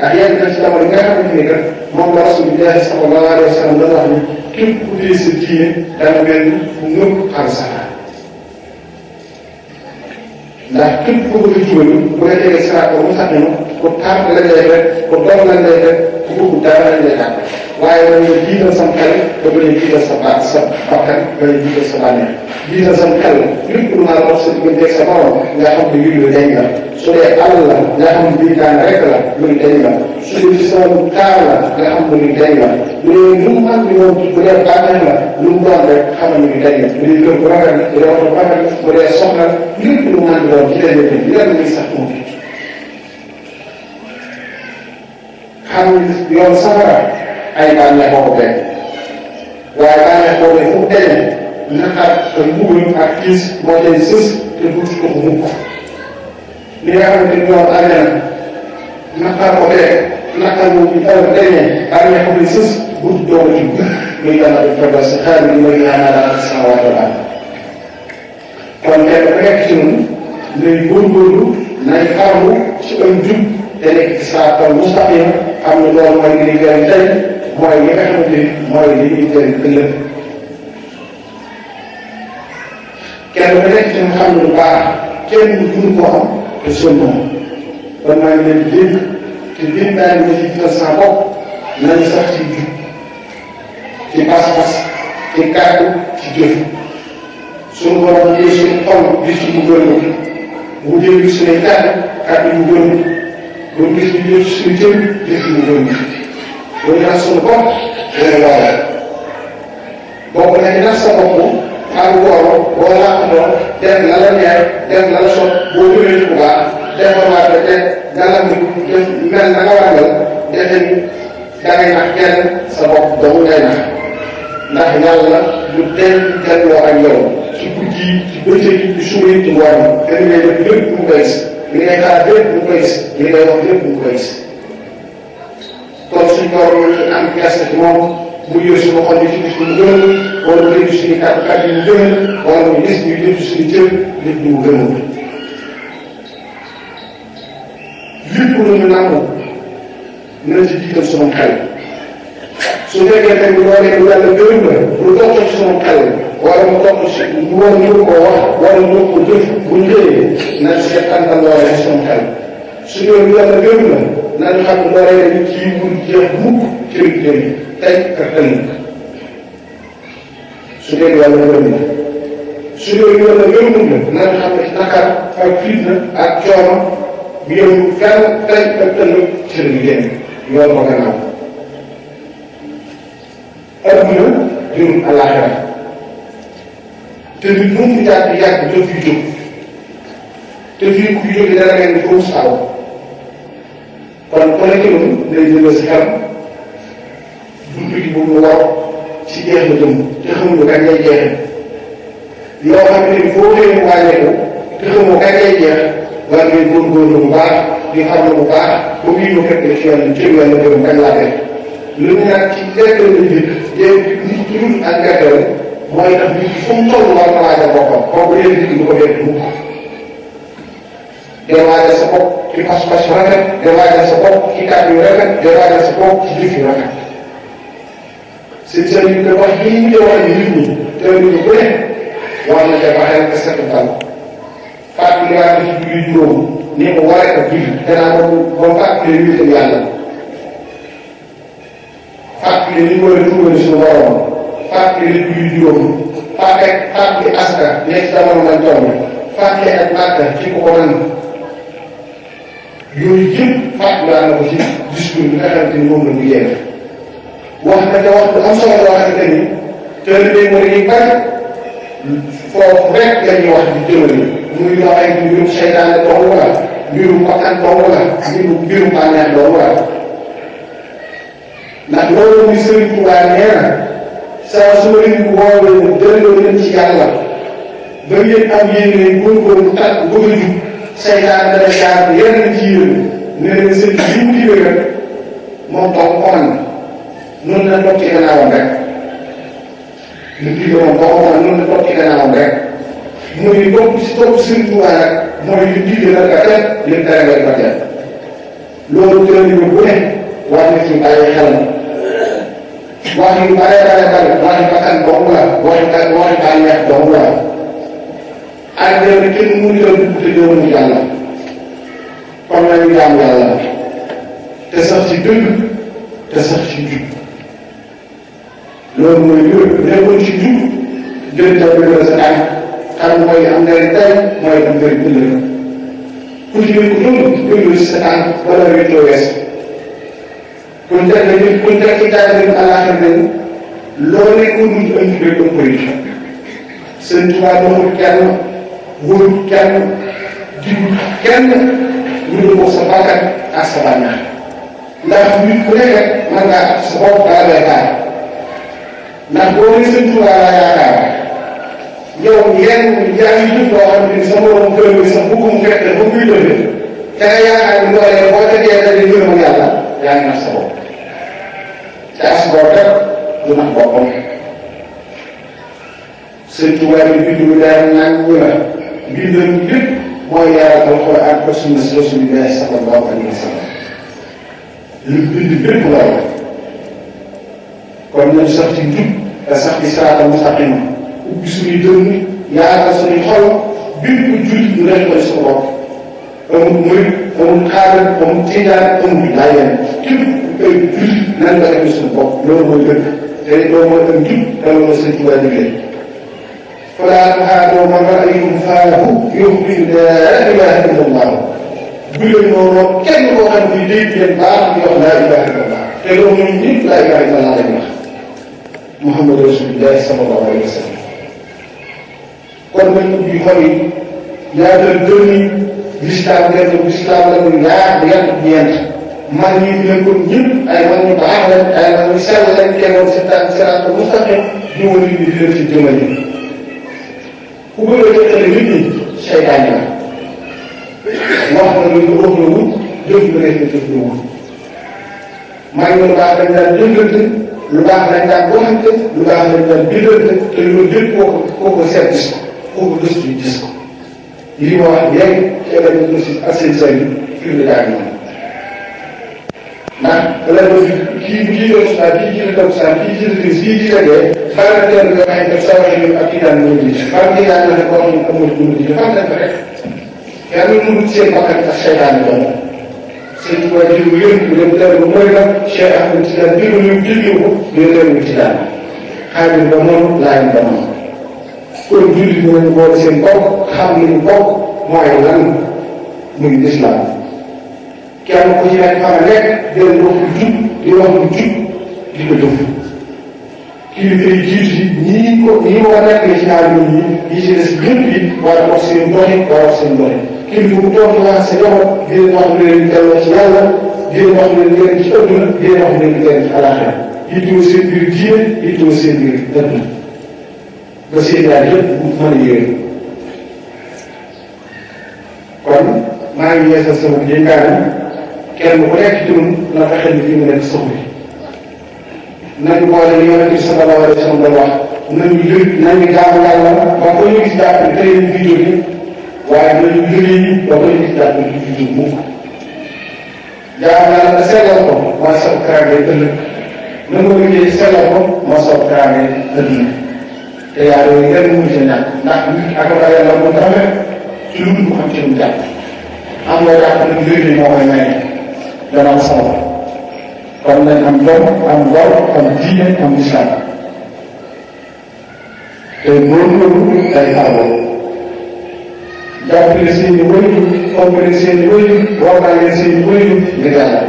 a kita mendengar mereka bahwa Rasulullah Sallallahu Alaihi Wasallam telah mengikuti sedih dan menunggu harsanah. ndax képp ku bëgg jiw bu la tegee saraako mu sax ne ko taar la lay def ko doom la o def ku bëgg dara la lay tàggat waaye dangay jiital sam xel te bañ a jiital sa baat sa bakkan bañ a jiital sa bànneex jiital sam xel lépp lu mën a wax sa diggante sa borom nga xam ne yul dañ la su dee àll la nga xam ne biitaan rek la lu dañ la su dee ci sama taar la nga xam ne lu dañ la bu dee lu mu man di woon bu dee bànneex la lu mu doon rek xam ne lu dañ la bu dee kër bu rafet la bu dee oto bu rafet la bu dee soxna ให้การในห้องเด็กรายการในห้องเด็กทุกเดือนนะครับเป็นผู้บริหารที่มาเรียนซึ่งเป็นผู้ที่คุ้มคุ้มนี่เราเป็นยอดอะไรนะครับผมเด็กนะครับผมมีตัวเด็กการในห้องเด็กซึ่งบุตรโดนมีการเป็นประสบการณ์มีเงินอะไรสาวกอะไรคนเด็กเรียกถึงในบุญบุญในข้าวมุกช่วยจุดเด็กสาวคนมุสลิมทำให้เราไม่ได้เงินเต็ม mooy yi nga xamante ni mooy li ñuy jëriñ ëllëg kenn ku nekk ci nga xam ne lu baax kenn duñu ko xam te sonn moom kon maa ngi leen di dégg te biir daal di ci jiital sa bopp nañu sax ci jub ci pas-pas ci kàddu ci jëf suñu borom yi suñu xol gis ci mu muy nax suñu bopp dina loola bokk na nax sa bopp ak wóoro wala amoo dem la la neex dem la la sot boo jëlee ci bu baax defawaat ba teg galam def mel na nga war a mel defe ni dangay nax kenn sa bopp doomu ngay nax ndax yàlla du teel delloo ak yow ci guddi ci bëccëg ci suba ci ngoon te li ngay def lépp mu koy gis li ngay xaar lépp mu koy gis li ngay wax lépp mu koy gis kon suñ borom ñu ngi am gerte gi moom mu yor suñu xol yi ci gis ñu gën wala mu yor suñu kàddu kàddu ñu gën wala mu gis ñu jënd suñu cër nit ñu gën a lépp lu ñu nangu nañ ci jiital suñu xel su fekkee tamit loolee lu yàlla gërëm la lu toog ci suñu xel wala mu toog ci ñu war ñu ko wax wala ñu ko jëf bu ñu jëlee nañ seetantal loolee suñu xel su nañu xam ne loolee dañu ciy jeex mukk ci liggéey bi tey ak ëllëg su dee yàlla gërëm na su dee yàlla gërëmul na nañu xam ne naqar ak fitna ak coono mu yëngu fenn tey ak ëllëg ci liggéey bi yoon ma gannaaw adduna jëm àllaaxira te nit mu mu jàpp yàgg daf fiy jóg te fii kuy jóge ni foofu saaw kon connecté moom day jëndee si xel buntu gi boobu la war si jeex la jëm te xamuñu kañ lay jeexee yoo xam ne foo xëyee mu wàññeeku te xamoo kañ lay jeex war ngay góorgóorlu bu baax di xam ne bu baax ba muy ñëw fekk ci yoon ci yoon la gërëm kañ laa def lu ñu naan ci gerte la njëkk yéen nit ñi ak gerte la mooy tax nit ñi fu mu toll war na waajal boppam kooku yéen nit ñi du ko dégg mukk day waajal sa bopp ci pas-pas rafet day waajal sa bopp ci kàddu yu rafet day waajal sa bopp ci jëf yu rafet seen sëriñ bi dafa wax lii ñu wax nit ñi te ñu bu ne war na ca baxeel te setantal fàttali ngaa def julli juróom ni mu waree ak julli danaa ko ba fàttali ñu itam yàlla fàttali ni ñu war a dugal suñu borom fàttali julli juróom fàtte fàttali aska nekk jamono man toll fàttali ak màkk ci ko ko mën yooyu yëpp fàttali naa la ko ci discours bi nga xamante ni moom la ñu yéene wax na te wax bu am solo loo xamante ni teel a béy mooy liy bari foofu rek la ñuy wax di jëmale muy loo ay mbirum seytaane dong la mbirum bakkan dong la mbirum mbirum bànneex dong la ndax loolu muy sëriñ Tuubaa nee na saa su ma leen woowee delloo leen ci yàlla ba ngeen am yéene góorgóorlu tàkk bëgg a jub seytaane dana jaar yenn ci yéen ne leen seen li mu diwe rek moom taw oran na noonu la toog ci gannaawam rek li mu diwe moom taw oran la toog ci gannaawam rek mooy topp si topp seen tuwaay rek mooy li diwe la nga teg li mu tere nga di ko teg loolu tëral ñu bu ne war na ci bàyyi xel wax yu bare bare bare waxi bakkan dong la waxi waxi bànneex dong la àjjana bi kenn mënu yoon dugg te doo mën yàlla kon nañu jaamu yàlla la te sax ci dëgg te sax ci jub loolu mooy jur nekkoon ci jub jënd sa bëgg sa tànk xam mooy am njëriñ tey mooy am njëriñ ëllëg ku ci ko dund bëgg sa tànk wala wéetoo wees kuñ teg la nit kuñ teg ci daal àllaaxir nañu loolee ko dund am ci bëgg am koy seen tubaab doxul kenn wóorul kenn digul kenn ñu ne ko sa bakkan ak sa bànneex ndax nit ku nekk rek mën ngaa sa bopp dara lay taal ndax boo ne sëñ Tuubaa laa yaakaar yow yenn yaa ngi jëf loo xam ne sa morom gërëm mbindam lépp mooy leeral alxuraan ak sunna si rasulillahi sallallahu alayhi wa sallam li bind lépp loolu kon nañ sax ci njub te sax ci siraatal mustaqima ubbi suñuy dënn yaatal suñuy xol bépp jullit ñu def ko sa bopp amul murit amul xaaral amul tijaan amul laayeen képp ay jullit nan nga def suñu bopp loolu mooy dëgg te loolu mooy am njub te loolu mooy sëñ Tuubaa liggéey فلا تهادوا من رأيهم فاهو يمكن لا إله إلا الله بل نور كم هو أن تجيب ينطار لا إله إلا الله كلو من جيب لا إله إلا الله محمد رسول الله صلى الله عليه وسلم ومن بخوي يا دردني بسلام لكم بسلام لكم يا ريال بيانا ماني لكم جيب أي ماني بعهد أي ماني سالة لكم كما ستاة سراط المستقيم دولي بخير في الجمالين ku bëgg a jëkkale nit ñi seytaane la wax na lu ñu wax la wut jëf lu nekk jëf lu wut may lu baax dañ daan jëndante lu baax dañ daan waxante lu baax dañ daan bindante te loolu lépp koo ko koo ko seet gis ko koo ko gëstu gis ko lii ma wax léegi te la ñu aussi ak seen say bi fii la daal moom ndax la ñu kii kii doon saa kii kii la doon saa kii kii la kii kii la xanaa teel nga may def sa wax ak kii daal moo jiite man mii daal ma ne koo xam ne amul lu mu jiite fan lañ ko def yàlla mënul seen bakkan ak seytaan yi doon seen waa dem dellu mooy lan Cheikh Ahmed Tidiane biir ñu jiw ko ñu dellu ci daal xaalis ba moom laaj ba moom kon julli ñooñu boole seen bopp xam nañu bopp mooy lan muy islam kenn ku ci nekk fa nga nekk dellu wax lu jub di wax lu kilifa yi jiitu yi ñii ko ñii war a nekkee ci naaj yooyu yi yi ci des ñëpp yi war a wax seen doxin war a wax seen doxin kilifa bu toog laa sa jamono di leen wax lu leen delloo ci yàlla di leen wax lu leen gën ci adduna di leen wax lu leen gën ci alaxira yittoo seen biir diine yittoo seen biir dënn ba seen yaay yëpp mën a yéen kon maa ngi yeesal sama dénkaane kenn ku nekk ci ñun na fexe ni fi mu nekk soxla nañ boole li yonent bi sallallahu alayhi wa sallam doon wax nañu jur nañu jaamu yàlla ba ko ñu gis jàpp tey ñu ngi jóge waaye nañu julli ba ko ñu gis jàpp ñu ngi jóg mukk jaamu yàlla sellal ko mooy sa kaange ëllëg na nga liggéey sellal ko mooy sa kaange ëllëg te yaa yooyu yëpp mu ngi ñàkk ndax nit ak la yàlla mu rafet ci lu mu xam ci lu jàpp am nga jàpp nag léegi moo koy maye dana am solo kon nañ am jom am ngor am diine am islam te góorgóorlu day aaroo jàppale seen i wëriñ ëppale seen i wëriñ wootaale seen i wëriñ ngir yàlla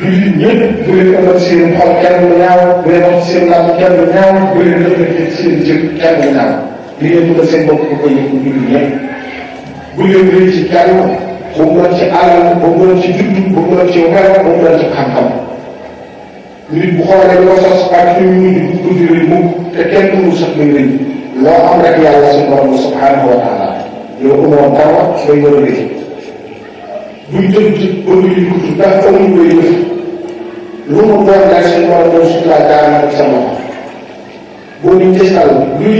jullit ñëpp bu leen ëppal seen xol kenn du ñaaw bu leen wax seen laaj kenn du ñaaw bu leen ëppal seen jëf kenn du ñaaw li ngeen dugal seen bopp ko koy yëpp jullit ñëpp bu leen rëy ci kenn ba mu doon ci alal ba mu doon ci judd ba mu doon ci xel ba mu doon ci xam-xam nit bu xoolee ba sos ak ñu ñu di tuuti rëy mu te kenn mënul sax muy rëy loo am rek yàlla suñu borom subhanahu wa taala yow ko moom dara day yore rëy buy jënd ci bëgg yi ko ci ndax amul koy def lu mu doon daal suñu borom doon suñu laa jaar na ko sa loxo boo di jësal lu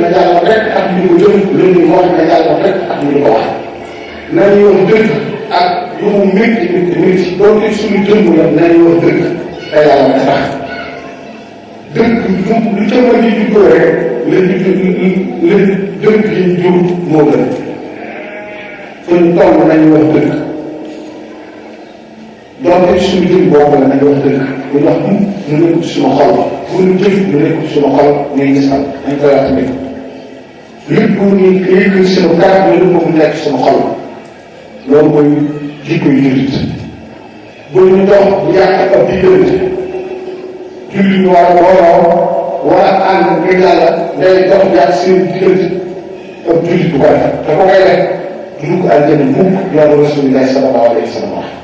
na jàll rek ak ñu ko jënd lu ñuy wax na rek ak ñu ko wax nañu wax dëgg ak lu mu métti métti métti donte wax dëgg te yàlla tax dëgg lu jamono ji juddoo rek la la dëgg yi jur moo gën kon toll wax dëgg donte suñu jëmm boobu la nañu wax wax mu mu nekk suñu xol bu ñu jëf mu nekk suñu xol ngay gisal dañ koy wax tamit lépp bu ñuy yëkkati suñu kàddu ñu nekk suñu xol loolu mooy jikko yu jullit bu ñu dox yàq ab diggante jullit ñu war a booloo war a ànd ngir yàlla day dox yàq seen diggante ab jullit bu ko def te ko koy def du dugg àjjana mukk yàlla rasulillahi sallallahu alayhi wa